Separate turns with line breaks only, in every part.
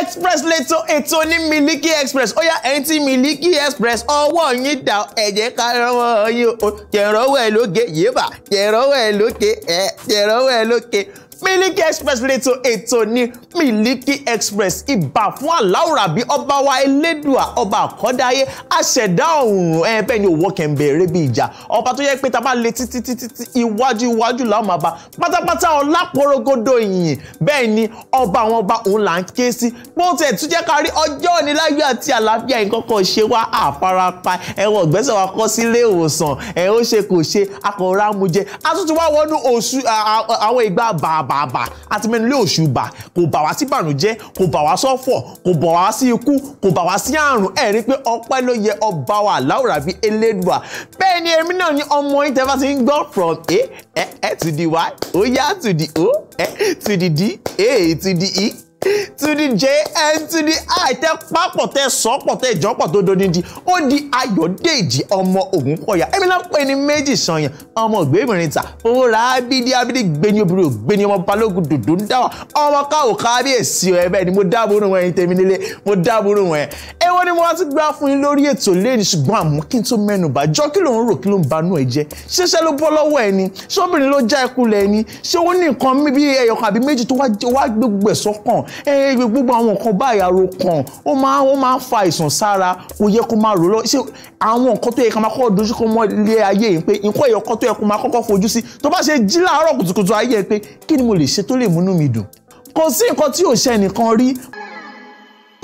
express lẹ́tọ̀ ètò ní miliki express ó yá ẹ̀yin tí miliki express ọwọ́ yín dà ẹ jẹ́ ká rọ́wọ́ yín o jẹ̀rọ̀wọ́ ẹ̀ lókè yébà jẹ̀rọ̀wọ́ ẹ̀ lókè ẹ̀ jẹ̀rọ̀wọ́ ẹ̀ lókè Miliki Express leto ètò ní Miliki Express ìbà fún aláwòrán àbí ọba wa elédùà ọba àkọ́dáyé àṣẹ̀dá ọ̀run ẹ bẹ́ẹ̀ ni òwò kẹ̀ǹbẹ̀rẹ̀ bí ìjà ọba tó yẹ pé tá a bá le títí títí iwájú iwájú làwọn máa bá pátápátá ọlápọ̀rọ̀gọ́dọ̀ ìyìn bẹ́ẹ̀ ni ọba àwọn ọba òun là ń ké sí pọ́ńtẹ̀ tún jẹ́ ká rí ọjọ́ òní àti àlàáfíà ìkọ́kọ̀ ṣe wá àfarapa ẹ̀wọ̀n ọ̀gbẹ́sẹ̀ wa kọ́ sílé ìwòsàn ẹ̀ ó ṣe kò ṣe akọ̀rọ̀ amújẹ a tún ti wá wọnú oṣù àwọn ìgbà bàb bàbà àti mẹ́nu lé òṣùbà kò bà wá sí bànújẹ́ kò bà wá sọ́fọ̀ kò bà wá sí ikú kò bà wá sí àrùn ẹ rí pé ọpẹ́ ló yẹ ọba wa láwùrà bíi elédùà bẹ́ẹ̀ ni èmi náà ni ọmọ yín tẹ́ bá ti ń gbọ́ from a ẹ e, ẹ e to the y ó yá to the o ẹ e to the d a to the e to the j and to the i tẹ pápọ̀ tẹ sọ́pọ̀ tẹ ìjọ́pọ̀ tó dodi di ó di ayọ̀dèjì ọmọ ògúnpọ̀yà èmi náà pè ní méjì sanyàn ọmọ ògbémìrin ta owó ra abidi abidi gbẹni obìnrin ògbẹni ọmọ balógun dòdò ń dáwà ọmọ káwò kábíyèsí ọ ẹbẹ ni mo dáàbòrò wọn ẹyin tèmi nílé mo dáàbòrò wọn ẹ èwo ni mo wá ti gbá fún yín lórí ètò lẹ́yìn ṣùgbọ́n àmọ́ kí n tó mẹ́nu bà jọ kí ló ń rò kí ló ń banú ẹ jẹ́ ṣiṣẹ́ ló bọ́ lọ́wọ́ ẹni ṣóbìnrin ló já ikú lẹ́ni ṣé ó ní nǹkan bí ẹyọkan àbí méjì tó wá gbé sọ́kàn ẹ̀ ṣé gbogbo àwọn nǹkan báyà ro kàn ó máa ó máa ń fa ìsàn sára kò yẹ kó máa rò lọ ṣé àwọn nǹkan tó yẹ ká máa kọ́ dojú kọ mọ́ ilé ayé yìí pé nǹkan ẹ̀yọ̀kan tó yẹ kó máa kọ́kọ́ fojú sí tó bá ṣe jí láàárọ̀ kùtùkùtù ayé yẹn pé kí ni mo lè ṣe tó lè múnú mi dùn kò sí nǹkan tí ò ṣe ẹnìkan rí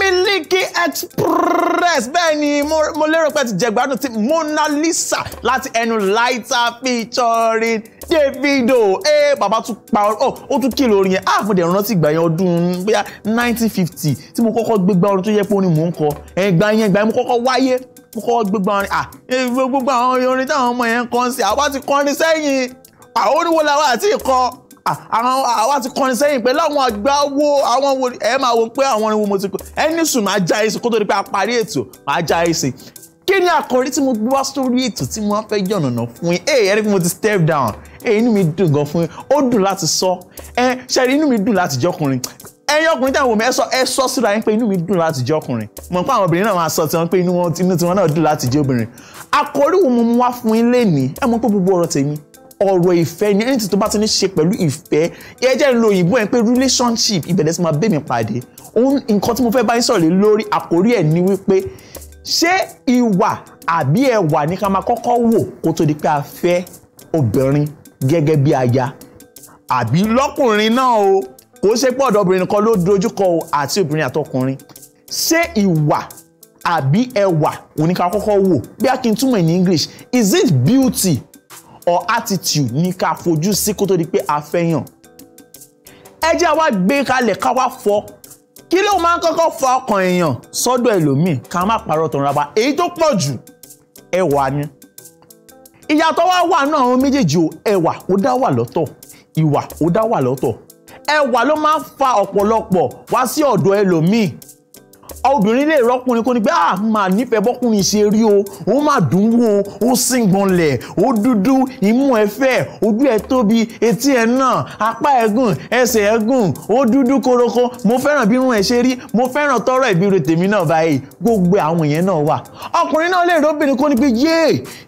Miliki Express bẹ́ẹ̀ ni mo lérò pé ti jẹ̀gbádùn ti Mona Lisa láti ẹnu Laita featuring Davido Eh bàbá tún pa ọ ó tún kìlọ̀ orin yẹn ah mo dẹ̀ rántí ìgbà yẹn ọdún bóyá nineteen fifty tí mo kọ́kọ́ gbégbá orin tó yẹ pé orin mò ń kọ ẹ̀gbà yẹn ìgbà yẹn mo kọ́kọ́ wáyé mo kọ́kọ́ gbégbá orin ah gbogbo àwọn orin táwọn ọmọ yẹn ń kọ́ sí àwa ti kọrin sẹ́yìn àwọn ah, oníwọlé àwa àti ìkọ́ Ah, àwọn àwa ti kọrin sẹ́yìn pé láwọn àgbà wo àwọn wo ẹ máa wo pé àwọn orin wo mo ti kọ ẹ ní sùn máa já èsì kó tó di pé a parí ètò máa já èsì kí ni àkòrí tí mo gbé wá sórí ètò tí mo fẹ́ yànnàná fún yín ẹ ẹni pé mo ti step down ẹ inú mi dùn gan fún yín ó dùn láti sọ ẹ ṣe inú mi dùn láti jọkùnrin ẹ̀yin ọkùnrin tí àwọn òmìnira sọ ẹ sọ síra yín pé inú mi dùn láti jẹ́ ọkùnrin mọ̀ pé àwọn obìnrin náà máa sọ tiwọn pé inú tiwọn náà dùn láti jẹ́ obìnrin àkòrí wo mo mú wá fún yín lénìí ẹ mọ̀ pé gbogbo ọ̀rọ̀ tèmi ọ̀rọ̀ ìfẹ́ ni anything tó bá ti ní ṣe pẹ̀lú ìfẹ́ ẹ jẹ́ ń lo òyìnbó ẹ̀ pé relationship ìbẹ̀rẹ̀ sí máa bẹ́ mi pàdé ohun nǹkan tí mo fẹ́ bá yín sọ̀rọ̀ lórí àkórí ẹ̀ ni wípé ṣé ìwà àbí ẹwà ní ká máa kọ́kọ́ wò kó tó di pé a fẹ́ obìnrin gẹ́gẹ́ bí aya àbí lọ́kùnrin náà o kò ṣe pé ọ̀dọ̀ obìnrin kan ló dojúkọ o àti obìnrin àtọkùnrin ṣé ìwà àbí ẹwà òní ká kọ́kọ́ wò bí a kì í túmọ̀ ní English is it beauty or attitude ni ka fojú sí kó tó di pé a fẹ́ yàn ẹ jẹ́ wá gbé kalẹ̀ ká wá fọ́ kí ló máa ń kọ́kọ́ fa ọkàn èèyàn sọ́dọ̀ ẹlòmíì ká má parọ́ tọ̀run rárá èyí tó pọ̀ jù ẹwà ni ìyàtọ̀ wá wà náà àwọn méjèèjì o ẹwà ó dá wà lọ́tọ̀ ìwà ó dá wà lọ́tọ̀ ẹwà ló máa ń fa ọ̀pọ̀lọpọ̀ wá sí ọ̀dọ̀ ẹlòmíì obìnrin lè rọ́kùnrin kó ní pé ah mà nífẹ̀ẹ́ bọ́kùnrin ṣe rí o ó mà dùn wò ó sì gbọ̀nlẹ̀ ó dúdú imú ẹ fẹ̀ ojú ẹ tóbi etí ẹ náà apá ẹ gùn ẹsẹ̀ ẹ gùn ó dúdú koroko mo fẹ́ràn bí irun ẹ ṣe rí mo fẹ́ràn tọrọ ìbíire tèmi náà báyìí gbogbo àwọn èèyàn náà wà ọkùnrin náà lè rọ́bìnrin kó ní pé yé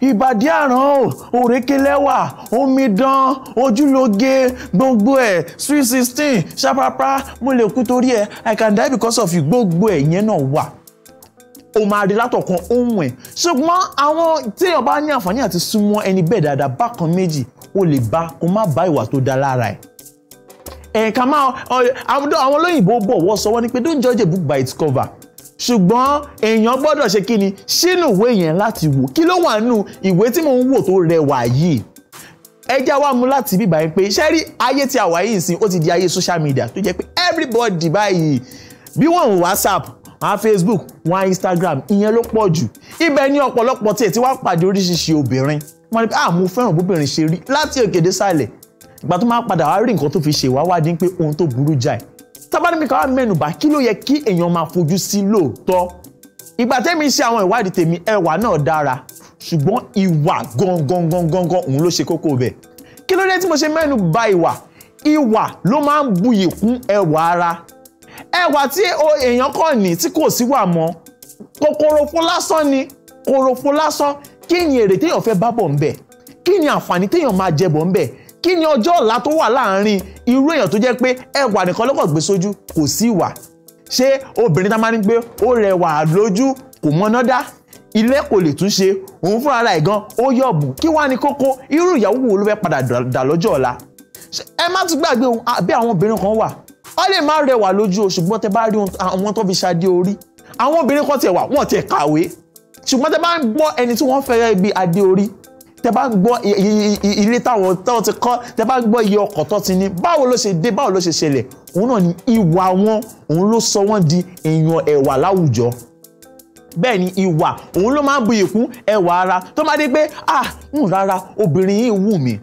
ìbàdí àràn o òrékè lẹ́wà omidan ojúlóge gbogbo ẹ̀ sweet sixteen ṣapapa mo lè kú torí ẹ i can die because of you gbogbo ẹ̀ yẹn náà wà o máa rí látọ̀kan ohun ẹ̀ ṣùgbọ́n àwọn téèyàn bá ní àǹfààní àti súnmọ́ ẹni bẹ́ẹ̀ dáadáa bákan méjì o lè bá kó má bá ìwà tó da lára ẹ̀ ẹ̀ka máa àwọn olóyìnbó bọ̀ wọ́n sọ wọ́n ni pé don't judge a book by its cover ṣùgbọ́n èèyàn gbọ́dọ̀ ṣe kí ni sínú ìwé yẹn láti wò kí ló wà nínú ìwé tí mò ń wò tó rẹwà yìí ẹja wa mú láti bí báyìí pé ṣé rí ayé tí a wà yìí sìn ó ti di ayé social media tó jẹ́ pé everybody báyìí bí wọ́n ń whatsapp a Facebook wọ́n á Instagram ìyẹn ló pọ̀ jù ibẹ̀ ní ọ̀pọ̀lọpọ̀ tí ètí wá pàdé oríṣiríṣi obìnrin wọ́n ní ah mo fẹ́ràn bóbìnrin ṣe rí láti òkè dé sàlẹ̀ ìgbà tó máa padà wá rí nǹkan tó fi ṣe wá wádìí pé ohun tó burú jáì tábàdìmí kan wá mẹ́nubà kí ló yẹ kí èèyàn máa fojú sí lóòótọ́ ìgbà tẹ́mi ṣe àwọn ìwádìí tèmi ẹwà náà dára ṣùgbọ́n ìwà gangan gangan gan òun ló ṣe kókó bẹ̀ kí ló dé tí mo ṣe mẹ́nu bà ìwà ìwà ló máa ń buyì kún ẹwà ara ẹwà tí èèyàn kàn ní tí kò sí wà mọ́ kòkòrò fún lásán ni kòkòrò fún lásán kí ni èrè téèyàn fẹ́ bá bọ̀ ńbẹ̀ kí ni àǹfààní téèyàn máa jẹ bọ̀ ńbẹ̀ kí ni ọjọ́ ọ̀la tó wà láàárín irú èèyàn tó jẹ́ pé ẹwà nìkan lọ́kọ̀ gbé sójú kò sí ìwà ṣé obìnrin tá máa ń gbé ó rẹwà lójú kò mọ́ná dá ilé kò lè tún ṣe òun fúnra rẹ̀ gan ó yọ̀bù kí wá ní kókó irú ìyàwó wo ló fẹ́ padà dà lọ́jọ́ ọ̀la ẹ má tún gbàgbé àbí àwọn obìnrin kan wà a lè má rẹwà lójú o ṣùgbọ́n tẹ bá rí àwọn tó fi ṣadé orí àwọn obìnrin kan tiẹ̀ wà wọ́n tiẹ̀ kàwé ṣùgbọ́n tẹ bá ń gbọ́ ẹni tí wọ́n fẹ́rẹ́ ibi adé orí tẹ bá ń gbọ́ ilé táwọn tó ti kọ́ tẹ bá ń gbọ́ iye ọkọ̀ tó ti ní báwo ló ṣe dé báwo ló ṣe ṣẹlẹ̀ òun náà ni ìwà wọn òun ló sọ wọn di èèyàn ẹ̀wà láwùjọ bẹ́ẹ̀ ni ìwà òun ló máa ń bu ìkún ẹwà ara tó máa dé pé ah ń hmm, rárá obìnrin yìí wù mí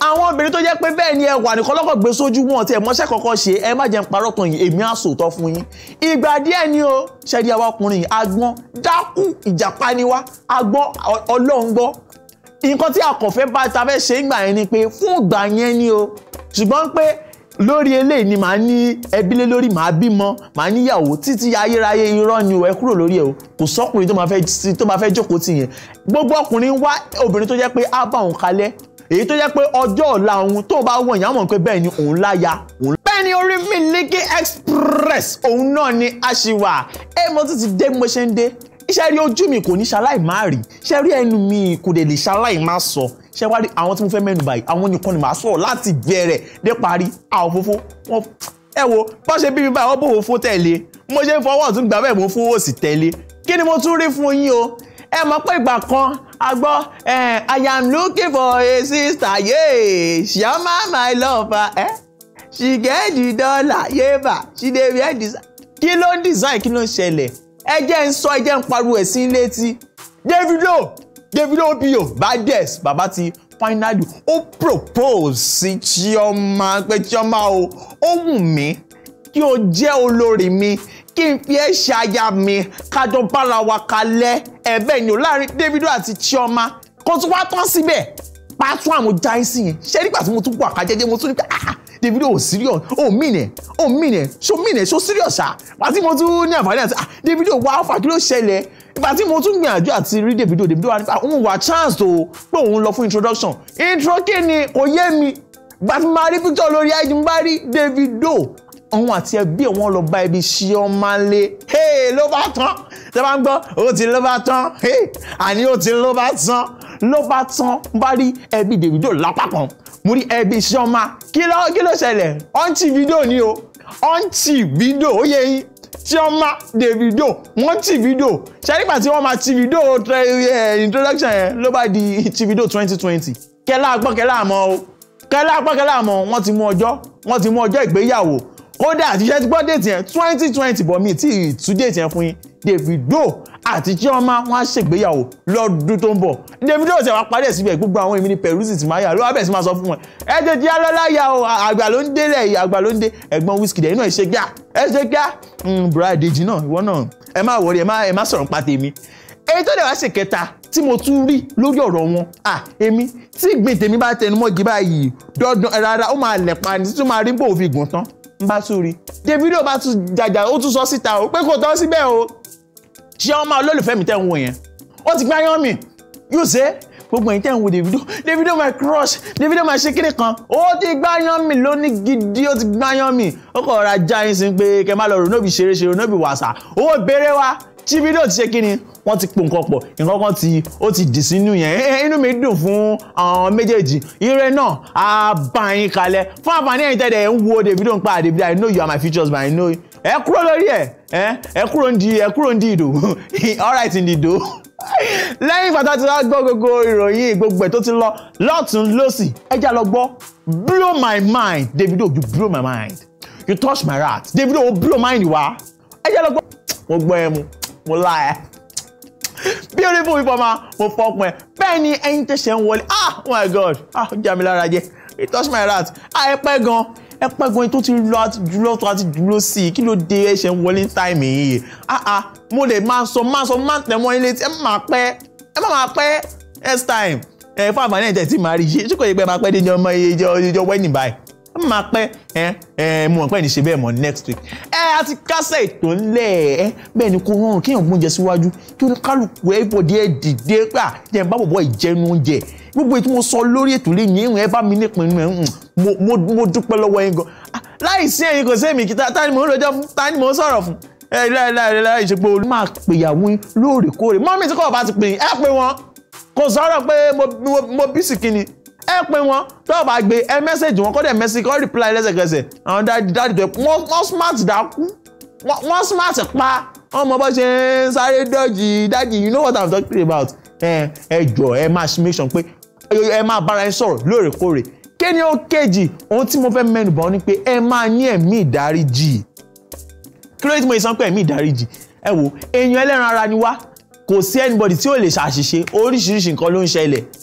àwọn obìnrin tó jẹ́ pé bẹ́ẹ̀ ni ẹwà nìkan lọ́kọ̀ gbé sójú wọn tí ẹ mọ́ṣẹ́ kọ́kọ́ ṣe ẹ má jẹ́ ń parọ́ tàn yín èmi á sòótọ́ fún yín ìgbà díẹ̀ ni o ṣẹ́ni àwa ọkùnrin agbọ́n dákú ìjàpá ni wá agbọ́n ọlọ́run gbọ́ nǹkan tí a kò fẹ́ bá ta fẹ́ ṣe ń gbà yẹn ni pé fún ìgbà yẹn ni o ṣùgbọ́n pé lórí eléyìí ni màá ní ẹbí lé lórí màá bímọ màá níyàwó títí ayérayé irọ́ ni o ẹ kúrò lórí ẹ o kò sọkùnrin tó máa fẹ́ jókòó tì yẹn gbogbo ọkùnrin wá obìnrin tó jẹ́ pé á bá òun kalẹ̀ èyí tó jẹ́ pé ọjọ́ ọ̀la òun tó bá wọ̀nyí á mọ̀ pé bẹ́ẹ̀ ni òun láya bẹ́ẹ̀ ni orí Miliki Express òun náà ni a ṣì wà ẹ mo tún ti dé mo ṣe ń dé iṣẹ́ rí ojú mi kò ní ṣaláì má rí iṣẹ́ rí ẹnu mi kò dẹ̀ lè ṣaláì má sọ ṣe wá rí àwọn tí mo fẹ́ mẹ́nu báyìí àwọn nìkan ni màá sọ̀rọ̀ láti bẹ̀rẹ̀ dé parí àwọn òfófó wọn ẹ wo bá ṣe bí mi báyìí wọ́n bò òfófó tẹ̀lé mo ṣe ń fọwọ́ ọ̀tún gbà bẹ́ẹ̀ mo fowó sí tẹ̀lé kí ni mo tún rí fún yín o ẹ mọ̀ pé ìgbà kan agbọ́ I am looking for a sister yeah Chioma my lover eh? she get the dollar yeah she dey wear design kí ló ń design kí ló ń ṣẹlẹ̀ ẹ jẹ́ ń sọ ẹ jẹ́ ń pariwo ẹ̀ sí létí Davido Davido bio badès bàbá ti finally ó propose sí Chioma pé Chioma o ó wù mí kí o jẹ́ olórí mi kí n fi ẹ́ ṣe aya mi kájọ bára wa kalẹ̀ ẹ̀bẹ̀ ni ò láàrin Davido àti Chioma kó tún wá tán síbẹ̀ pàtó àwọn jáìsì yẹn ṣé nígbà tí mo tún wà kájẹ́jẹ́ mo tún ní pé ah Davido ò serious ò mìnẹ̀ ò mìnẹ̀ ṣó mìnẹ̀ ṣó serious ṣá pàtí mo tún ní àǹfààní àti ah Davido wá fà kí ló ṣẹlẹ̀ ìgbà tí mo tún gbìyànjú àti rí Davido Davido wà nípa ah, òun wà chance tó pé òun lọ fún introduction intro kí ni kò yé mi gbàtí máa rí picture lórí IG bá rí Davido òun àti ẹbí òun lọ bá ibi Ṣíọ́mánlé ló bá tán tẹ́ bá ń gbọ́ ó ti ló bá tán àní ó ti ló bá tán ló bá tán bá rí ẹbí Davido lápá kan mo rí ẹbí Ṣíọ́má kí ló kí ló ṣẹlẹ̀ ọ̀ǹtì fídíò ni o ọ̀ǹtì fídíò ó yẹ yín Ṣíọ́má Davido wọ́n ti fídíò ṣẹ́rígbà tí wọ́n máa ti fídíò eh, introduction yẹn ló bá di ti fídíò twenty twenty kẹ́lá gbọ́ kẹ́lá àmọ́ o kẹ́lá gbọ́ kẹ́lá àmọ́ wọ́n ti mú ọjọ́ wọ́n ti mú ọjọ́ ìgbéyàwó kódà àtijọ́ ti gbọ́ déètì yẹn twenty twenty bọ̀ mí tí ìtú déètì yẹn fún yín Davido àti Chioma wọn á ṣègbéyàwó lọ́dún tó ń bọ̀ Davido ṣe wá parí ẹ̀ síbẹ̀ gbogbo àwọn èmi ní Peruzzi ti máa yà ló wá bẹ̀ sí máa sọ fún wọn ẹ jẹ́ jẹ́ alọ́láyà o àgbà ló ń délẹ̀ yìí àgbà ló ń dé ẹ̀gbọ́n Wizkid náà ẹ ṣe gbá ẹ ṣe gbá hmm, bùrọ̀ àdèjì náà ìwọ náà ẹ má wọrí ẹ má sọ̀rọ̀ pa tèmi èyí tó dẹ̀ wá ṣèkẹta tí mo tún rí lórí ọ̀rọ̀ wọn à èmi tí ìgbìn tèmi bá tẹnumọ́ jí báyìí dandan rárá ó máa lẹ̀ pa ni títún máa rí bò fi gùn tán n bá tún rí Davido bá tún jàjà ó tún sọ síta o pé kò tọ́ síbẹ̀ o ṣé ọmọ olólùfẹ́ mi tẹ́ ń wo yẹn ó ti gbáyán mi yóò ṣe gbogbo ẹ̀yin tẹ́ ń wo Davido Davido my crush Davido my ṣékéré kan ó ti gbáyán mi lónìí gidi ó ti gbáyán mi ó kọ̀ ra já yín sí pé kẹ́ má lọ Ronobi ṣeré ṣeré Ronobi wàṣà owó ìbéèrè wa tí fídíò ti ṣe kí ni wọ́n ti pò nǹkan pọ̀ nǹkan kan ti ó ti dì sínú yẹn inú mi dùn fún àwọn méjèèjì ire náà a bá yín kalẹ̀ fún àǹfààní ẹ̀yin tẹ́lẹ̀ ń wo Davido ń pa Davido I know you are my features but I know ẹ kúrò lórí ẹ ẹ kúrò ń di ẹ kúrò ń di ìdò all right in the do lẹ́yìn ìgbà tó ti wá gbọ́ gbogbo ìròyìn gbogbo ẹ̀ tó ti lọ lọ́tún lọ́sì ẹ já lọ gbọ́ blow my mind Davido you blow my mind you touch my heart Davido o blow mind wa ẹ já lọ gbọ́ mo ẹ mu mo lá ẹ beautiful people ma mo fọpọn ẹ bẹ́ẹ̀ ni ẹyin tó ń wọlé ah oh my god ah ó jà mí lára jẹ it touch my heart ah ẹ pẹ́ gan ẹ pẹ́ gan tó ti lọ àti dúró tó àti dúró sí i kí ló dé ẹ ṣe ń wọlé táìmì yìí ah ah mo lè máa sọ máa sọ máa tẹ̀ mọ́ ilé tí ẹ máa pẹ́ ẹ máa pẹ́ next time ẹ fún àǹfààní ẹ̀jẹ̀ tí màá rí yé ṣé kò yẹ pé ẹ máa pẹ́ dé ọmọ iye ìjọ wẹ́nì báyìí máa pẹ́ ẹ ẹ mo mọ̀ pé ní ṣe bẹ́ẹ̀ mọ̀ next week ẹ a ti kásẹ̀ ètò ńlẹ̀ ẹ bẹ́ẹ̀ ni kò rọrùn kéèyàn gbóúnjẹ síwájú kí oníkálukú ẹ bọ̀dé ẹ dìde gbà jẹ́ bá bọ̀bọ̀ ìjẹnu oúnjẹ gbogbo ètò mo sọ lórí ètò lè yín ẹ bá mi nípìn inú ẹ mo dúpẹ́ lọ́wọ́ yín gan láìsí ẹ̀yin kò sẹ́mi kí ta ni mò ń lọ́jọ́ fún ta ni mò ń sọ̀rọ̀ fún ẹ láìláìláì láì ṣe pé olú máa pèyàwó yín lóòrèkóòrè mọ́mí tí kò bá ti pè yín ẹ pé wọn kò sọ̀rọ̀ pé mo bísí kíni ẹ pé wọn tó o bá gbé ẹ mẹ́sẹ̀gì wọn kọ́ dẹ̀ mẹ́sì kọ́ rìpláì lẹ́sẹ̀kẹsẹ̀ àwọn dáàdì tó wọ́n smart dákú wọ́n smart pa wọ́n mọ bó ṣe ń sáré dọ́jì dáàdì you know what i'm talking about ẹ jọ ẹ máa make sure pé ẹ máa bára ẹ sọ̀rọ̀ lóòrèkóòrè kéde ó kejì ohun tí mo fẹ́ mẹ́nu bọ̀ ni pé ẹ máa ní ẹ̀mí ìdáríjì kí ló dé tí mo sọ pé ẹ̀mí ìdáríjì ẹ wo èèyàn ẹlẹ́ran ara ni wá kò sí anybody tí ò lè ṣàṣìṣe oríṣiríṣi nǹkan ló ń ṣẹlẹ̀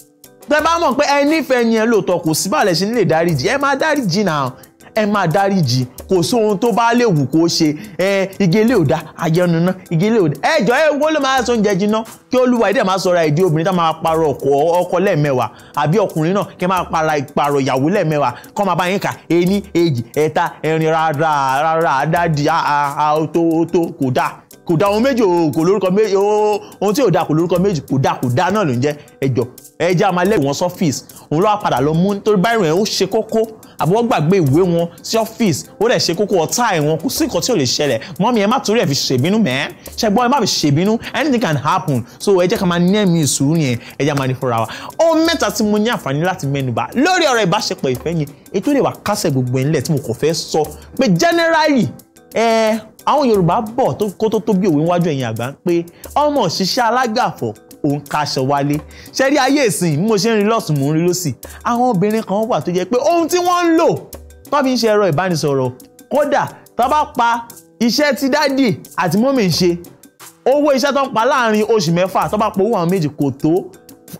tẹ bá mọ̀ pé ẹ nífẹ̀ẹ́ ni ẹ lóòótọ́ kò sí bàlẹ̀ ṣe nílé dáríjì ẹ máa dáríjì náà ẹ máa dáríjì kò sóhun tó bá lè wù kó ṣe ẹ igi ilé òdá ayẹnu ná igi ilé òdá ẹ jọ ẹ wo ló máa sọ oúnjẹ jiná kí olúwa ẹdẹ máa sọra ìdí obìnrin tá máa parọ ọkọ ọkọ lẹ́ẹ̀mẹ́wàá àbí ọkùnrin náà kí máa para ìparọ ìyàwó lẹ́ẹ̀mẹ́wàá kọ́ máa bá yín kà ení èjì ẹ̀ta ẹ̀rin rárá rárá dádì àà àà tó tó kò dáa kò da ohun méjì kò lórúkọ méjì ohun tí ò da kò lórúkọ méjì kò da kò da náà ló ń jẹ́ ẹjọ́ ẹjẹ́ a máa lẹ́wọ̀n wọn sọ́fíìsì òun lọ́wọ́ padà lọ mú nítorí báyìí rẹ̀ ó ṣe kókó àbúrò gbàgbé ìwé wọn sí ọ́fíìsì ó dẹ̀ ṣe kókó ọ̀tá ẹ̀ wọn kò sí nǹkan tí ò lè ṣẹlẹ̀ mọ́mí ẹ má torí ẹ̀ fi ṣèbínú mẹ́ẹ́ ṣẹgbọ́n ẹ má fi ṣèbínú anything can happen so ẹ jẹ́ ká máa ní ẹ̀mí ìṣòro yẹn ẹ jẹ́ máa ní fúnra wa ohun mẹ́ta tí mo ní àǹfààní láti mẹ́nuba lórí ọ̀rọ̀ ìbáṣepọ̀ ìfẹ́ yẹn ètò ìwà kásẹ̀ gbogbo ẹ̀ ńlẹ̀ tí mo kàn fẹ́ sọ pé generally ẹ àwọn Yorùbá bọ̀ kó tó tó bí òwe wájú ẹ̀yin àgbà ń pé ọmọ òṣìṣẹ́ alágbàfọ̀ òun kaṣọ wálé ṣẹ́rí ayé ìsìn bí mo ṣe ń rí lọ́sùn mò ń rí lọ́sì àwọn obìnrin kan wà tó jẹ́ pé ohun tí wọ́n ń lò tó fi ń ṣe ẹ̀rọ ìbánisọ̀rọ̀ kódà tó bá pa iṣẹ́ tí dádì àti mọ́mì ń ṣe owó iṣẹ́ tó ń pa láàrin oṣù mẹ́fà tó bá powó àwọn méjì kò tó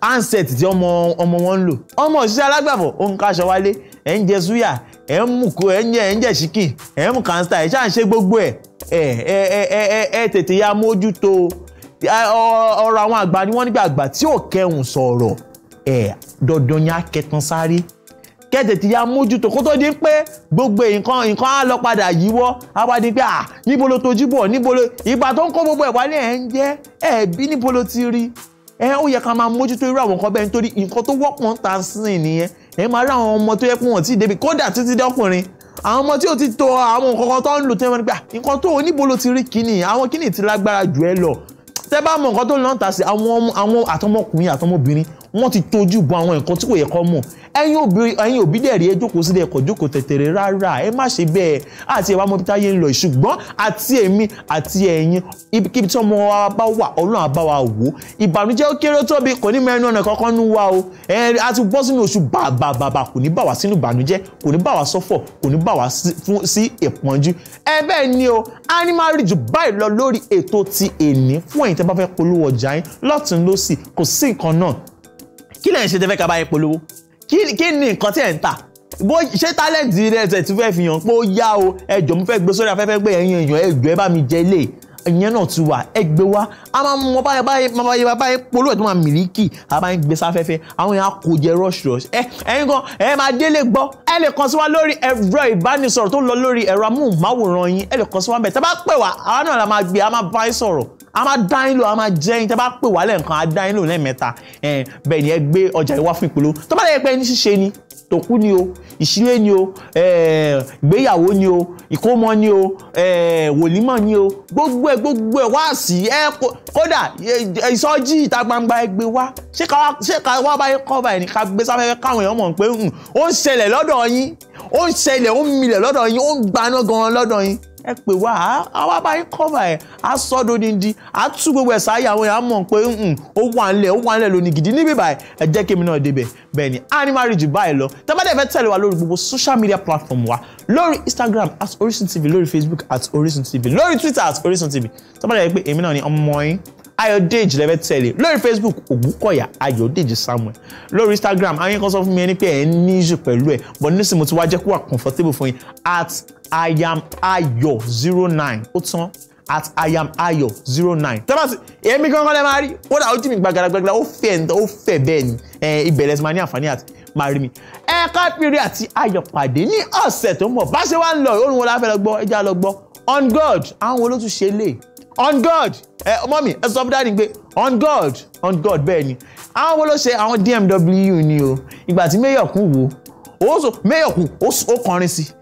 handset tí ọmọ ọmọ wọn ń lò ọmọ òṣìṣẹ́ alágbàfọ̀ òun kaṣọ wálé ẹ̀ ń jẹ súyà ẹ̀ ń mú kó ẹ̀ ń jẹ́ ẹ̀ ń jẹ́ ṣíkì ẹ̀ ń mú kàńsítà ẹ̀ ṣáà ń ṣe gbogbo ẹ̀ ẹ̀ ẹ̀ ẹ̀ ẹ̀ ẹ̀ tètè ya mójútó ọ̀rọ̀ àwọn àgbà ni wọ́n nígbà àgbà tí ò kẹhùn sọ̀rọ̀ ẹ̀ dandan ni á kẹtan sáré kẹ́tẹ̀ tí ya mójútó kó tó di pé gbogbo nǹkan nǹkan á lọ padà yíwọ́ á wá di pé à níbo ló tojú bọ̀ níbo ló ìgbà tó ń kó gbogbo ẹ̀ wálé ẹ̀ ń jẹ́ ẹ̀ bí níbo ló ti rí ẹ̀ ó yẹ ká máa mójútó irú àwọn nǹkan bẹ́ẹ̀ nítorí nǹkan tó wọ́pọ̀ ń ta sí nìyẹn ẹ máa rí àwọn ọmọ tó yẹ pé wọ́n ti débi kódà títí dọ́kùnrin àwọn ọmọ tí ó ti tó àwọn nǹkan kan tó ń lò tẹ́wọ́n nígbà ah, nǹkan tó oníbo ló ti rí kíni àwọn kíni ti lágbára jù ẹ lọ tẹ́ bá mọ nǹkan tó ń lọ́ta sí àwọn àtọmọkùnrin àtọmọbìnrin wọ́n ti tójú bọ àwọn nǹkan tí kò yẹ kọ́ mọ̀ ẹ̀yin òbí dẹ̀ rí ẹ jókòó sílẹ̀ ẹ̀kọ́ jókòó tẹ̀tẹ̀rẹ̀ rárá ẹ má ṣe bẹ́ẹ̀ àti ẹ̀wá mọ́bí táyé ń lọ ṣùgbọ́n àti èmi àti ẹ̀yin ibikíbi tí ọmọ wa bá wà ọlọ́run àbá wa wò ó ìbànújẹ́ ó kéré tóbi kò ní mẹ́rin ọ̀nà kankan nú wa o a ti bọ́ sínú oṣù bàbàbàbà kò ní bà wá sínú ìbànújẹ́ kò ní bà wá sọ́fọ̀ kò ní bà wá sí ìpọ́njú ẹ bẹ́ẹ̀ ni o animal ridge báyìí lọ lórí ètò ti èní fún ẹ̀yin tẹ́ bá fẹ́ polówó ọjà yín lọ́tún lọ́sì kò sí nǹkan náà kí lẹ́yìn ṣe tẹ́ fẹ́ ká bá yín polówó kí ni nǹkan tí ẹ̀ ń tà bó ṣé tálẹ̀ǹtì rẹ̀ ṣe ti fẹ́ fi hàn pé ó yá o ẹjọ́ mo fẹ́ gbé sórí afẹ́fẹ́ pé ẹ̀yin èèyàn ẹjọ́ ẹ bá mi jẹ ilé ìyẹn náà ti wà ẹ gbé wá a máa mọ báyìí báyìí máa báyìí báyìí polówó tó máa mìríkì a máa ń gbé sáfẹ́fẹ́ àwọn èèyàn á kó jẹ rush rush ẹ ẹ̀yin gan ẹ máa délé gbọ́ ẹ lè kàn sí wa lórí ẹ̀rọ ìbánisọ̀rọ̀ tó lọ lórí ẹ̀rọ amóhùnmáwòrán yín ẹ lè kàn sí wa bẹ́ẹ̀ tẹ́ bá pè wá àwa náà la máa gbé a máa bá yín sọ̀rọ̀ a máa dá yín lò a máa jẹ́ yín tẹ́ bá pè wá lẹ́ẹ̀kan a dá yín lò lẹ́ẹ̀mẹ́ta bẹ́ẹ̀ ni ẹ gbé ọjà yìí wá fún ìpolówó tó bá lẹ́yìn pé ní ṣíṣe ni tòkú ni o ìṣílé ni o ìgbéyàwó ni o ìkómọ ni o wòlímọ̀ ni o gbogbo ẹ̀ gbogbo ẹ̀ wá sí ẹ kódà ìsọjí ìta gbangba ẹ gbé wá ṣé ká wá báyìí kọ́ báyìí ní ká gbé sáfẹ́fẹ́ káwọn èèyàn mọ̀ pé hmm, ó ń ṣẹlẹ̀ lọ́dọ̀ yín ó ń ṣẹlẹ̀ ó ń milẹ̀ lọ́dọ̀ yín ó ń gbaná gan-an lọ́dọ̀ yín ẹ pè wá àwa bá yín kọ́mà ẹ̀ á sọ́ dodindi á tú gbogbo ẹ̀ sáyà àwọn èèyàn á mọ̀ pé ó wà nílẹ̀ ó wà nílẹ̀ lónìí gidi níbí báyìí ẹ jẹ́ kí èmi náà débẹ̀ bẹ́ẹ̀ ni a ní máa rí báyìí lọ tẹ́ bá tẹ̀lé wa lórí gbogbo social media platform wa lórí Instagram at Orisun TV lórí Facebook at Orisun TV lórí Twitter at Orisun TV tẹ́ bá dẹ̀ pé èmi náà ni ọmọ yín ayọ̀dèjì lẹ́fẹ́ tẹ̀lé lórí facebook ògúkọ̀yà ayọ̀dèjì samuel lórí instagram àwọn kan sọ fún mi ẹni pé ẹ̀ ń ní ìṣù pẹ̀lú ẹ̀ but nísìnyí mo ti wá jẹ́ kó wà comfortable fún yín at iamayo zero nine ó tán at iamayo zero nine tẹ́lá sí èmi kankan lẹ́ máa rí ó dà ó jì mí gbàgàdàgbàgàdà ó fẹ̀ ó fẹ̀ bẹ́ẹ̀ ni ìbẹ̀rẹ̀ sì máa ní àǹfààní àti máa rí mi ẹ káàpìrì àti ayọ̀ pàdé ní ọ̀sẹ̀ tó ń bọ̀ bá ṣe wá ń lọ òórùn wọn la lọ gbọ́ ẹja lọ gbọ́ on god àwọn olótùṣe lè on god ẹ mọ́mì ẹ sọ fún dáàdì pé on god on god bẹ́ẹ̀ ni àwọn wo ló ṣe àwọn DMW ni o ìgbà tí mayor kú wo ó sọ mayor kú ó kọrin sí i